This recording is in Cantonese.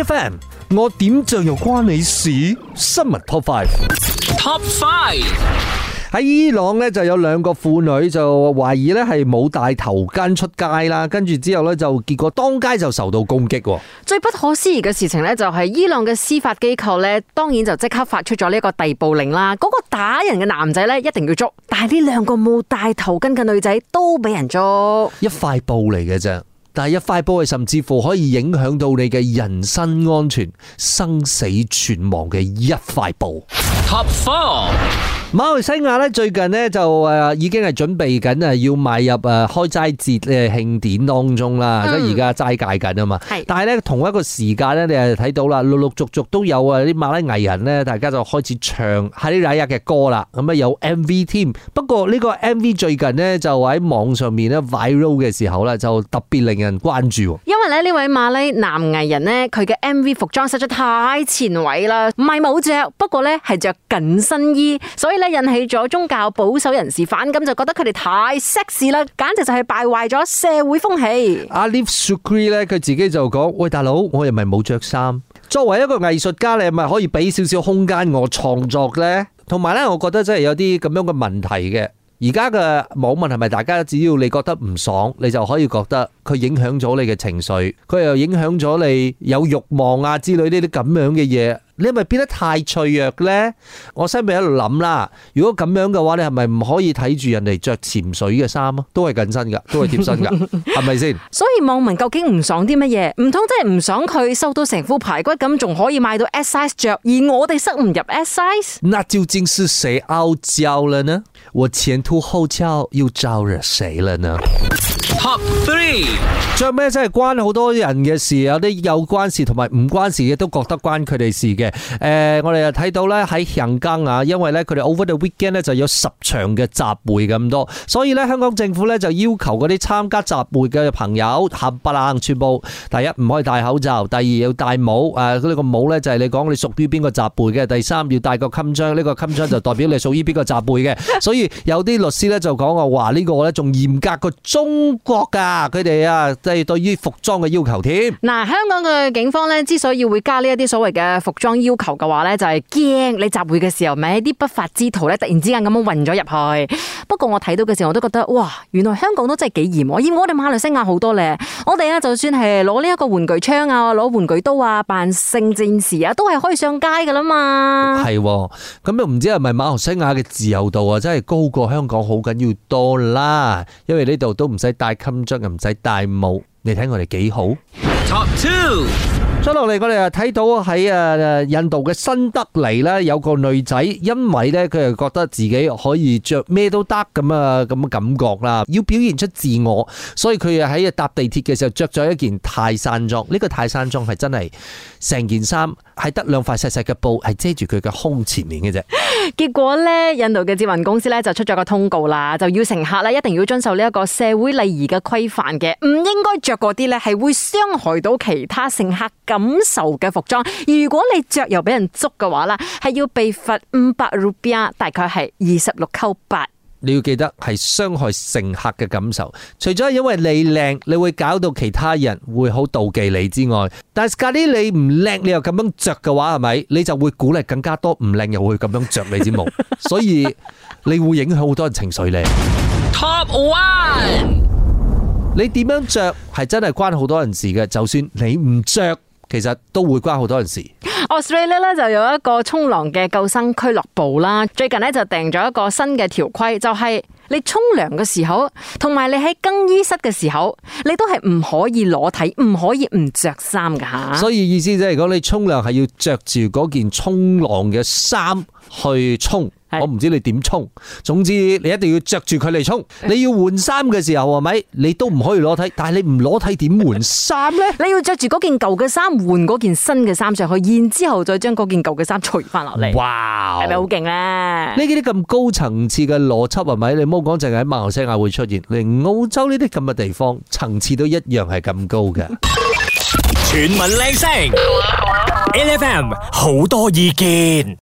F 我點着又關你事？新聞 Top Five，Top Five 喺伊朗咧就有兩個婦女就懷疑咧係冇戴頭巾出街啦，跟住之後咧就結果當街就受到攻擊。最不可思議嘅事情咧就係伊朗嘅司法機構咧，當然就即刻發出咗呢一個逮捕令啦。嗰個打人嘅男仔咧一定要捉，但係呢兩個冇戴頭巾嘅女仔都俾人捉。一塊布嚟嘅啫。但係一塊布，甚至乎可以影響到你嘅人身安全、生死存亡嘅一塊布。Top four。馬來西亞咧最近咧就誒已經係準備緊啊，要邁入誒開齋節誒慶典當中啦、嗯。咁而家齋戒緊啊嘛。但係咧同一個時間咧，你又睇到啦，陸陸續續都有啊啲馬拉藝人咧，大家就開始唱 Hari Raya 嘅歌啦。咁啊有 M V 添。不過呢個 M V 最近呢就喺網上面咧 viral 嘅時候咧，就特別令人關注。因為咧呢位馬拉男藝人咧，佢嘅 M V 服裝實在太前衛啦，唔係冇着，不過咧係着緊身衣，所以。引起咗宗教保守人士反感，就覺得佢哋太 sex 啦，簡直就係敗壞咗社會風氣。阿 Alif Shukri 咧，佢自己就講：喂，大佬，我又咪冇着衫。作為一個藝術家，你係咪可以俾少少空間我創作呢？同埋呢，我覺得真係有啲咁樣嘅問題嘅。而家嘅網民係咪大家只要你覺得唔爽，你就可以覺得佢影響咗你嘅情緒，佢又影響咗你有欲望啊之類呢啲咁樣嘅嘢。你係咪變得太脆弱咧！我心裏喺度諗啦，如果咁樣嘅話，你係咪唔可以睇住人哋着潛水嘅衫啊？都係緊身噶，都係貼身噶，係咪先？所以網民究竟唔爽啲乜嘢？唔通真係唔爽佢瘦到成副排骨咁，仲可以買到 S size 着，而我哋塞唔入 S size？ 那究竟是誰傲嬌了呢？我前凸後翹又招惹誰了呢？Top three 着咩真係關好多人嘅事，有啲有關事同埋唔關事嘅都覺得關佢哋事嘅。誒、呃，我哋又睇到咧喺行更啊，因為咧佢哋 Over the weekend 咧就有十場嘅集會咁多，所以咧香港政府咧就要求嗰啲參加集會嘅朋友冚唪冷全部。第一唔可以戴口罩，第二要戴帽。誒、呃，呢、這個帽咧就係你講你屬於邊個集會嘅。第三要戴個襟章，呢、這個襟章就代表你屬於邊個集會嘅。所以有啲律師咧就講啊話呢個咧仲嚴格過中國。噶，佢哋啊，即係對於服裝嘅要求添。嗱，啊，香港嘅警方咧，之所以會加呢一啲所謂嘅服裝要求嘅話咧，就係驚你集會嘅時候，咪啲不法之徒咧，突然之間咁樣混咗入去。不過我睇到嘅時候，我都覺得哇，原來香港都真係幾嚴，嚴過我哋馬來西亞好多咧。我哋啊，就算係攞呢一個玩具槍啊，攞玩具刀啊，扮聖戰士啊，都係可以上街噶啦嘛。係，哦，咁又唔知係咪馬來西亞嘅自由度啊，真係高過香港好緊要多啦。因為呢度都唔使帶，襟着又唔使戴帽，你睇我哋幾好。Top two，再落嚟我哋又睇到喺啊印度嘅新德里啦，有個女仔因為咧佢又覺得自己可以着咩都得咁啊，咁嘅感覺啦，要表現出自我，所以佢又喺搭地鐵嘅時候着咗一件泰山裝。呢個泰山裝係真係成件衫。係得兩塊細細嘅布，係遮住佢嘅胸前面嘅啫。結果咧，印度嘅捷運公司咧就出咗個通告啦，就要乘客咧一定要遵守呢一個社會禮儀嘅規範嘅，唔應該着嗰啲咧係會傷害到其他乘客感受嘅服裝。如果你着又俾人捉嘅話啦，係要被罰五百盧比，大概係二十六扣八。你要記得係傷害乘客嘅感受，除咗因為你靚，你會搞到其他人會好妒忌你之外，但係嗰啲你唔靚，你又咁樣着嘅話，係咪？你就會鼓勵更加多唔靚又會咁樣着，你知冇，所以你會影響好多人情緒咧。Top one，你點樣着係真係關好多人事嘅，就算你唔着，其實都會關好多人事。Australia 咧，就有一個衝浪嘅救生俱樂部啦，最近咧就訂咗一個新嘅條規，就係你沖涼嘅時候，同埋你喺更衣室嘅時候，你都係唔可以裸體，唔可以唔着衫噶吓。所以意思即係講你沖涼係要着住嗰件衝浪嘅衫去沖。我唔知你點沖，總之你一定要着住佢嚟沖。你要換衫嘅時候，係咪？你都唔可以裸體，但係你唔裸體點換衫咧？你要着住嗰件舊嘅衫換嗰件新嘅衫上去，然之後再將嗰件舊嘅衫除翻落嚟。哇，係咪好勁咧？呢啲咁高層次嘅邏輯，係咪？你唔好講淨係喺馬來西亞會出現，連澳洲呢啲咁嘅地方，層次都一樣係咁高嘅。全民靚聲，LFM，好多意見。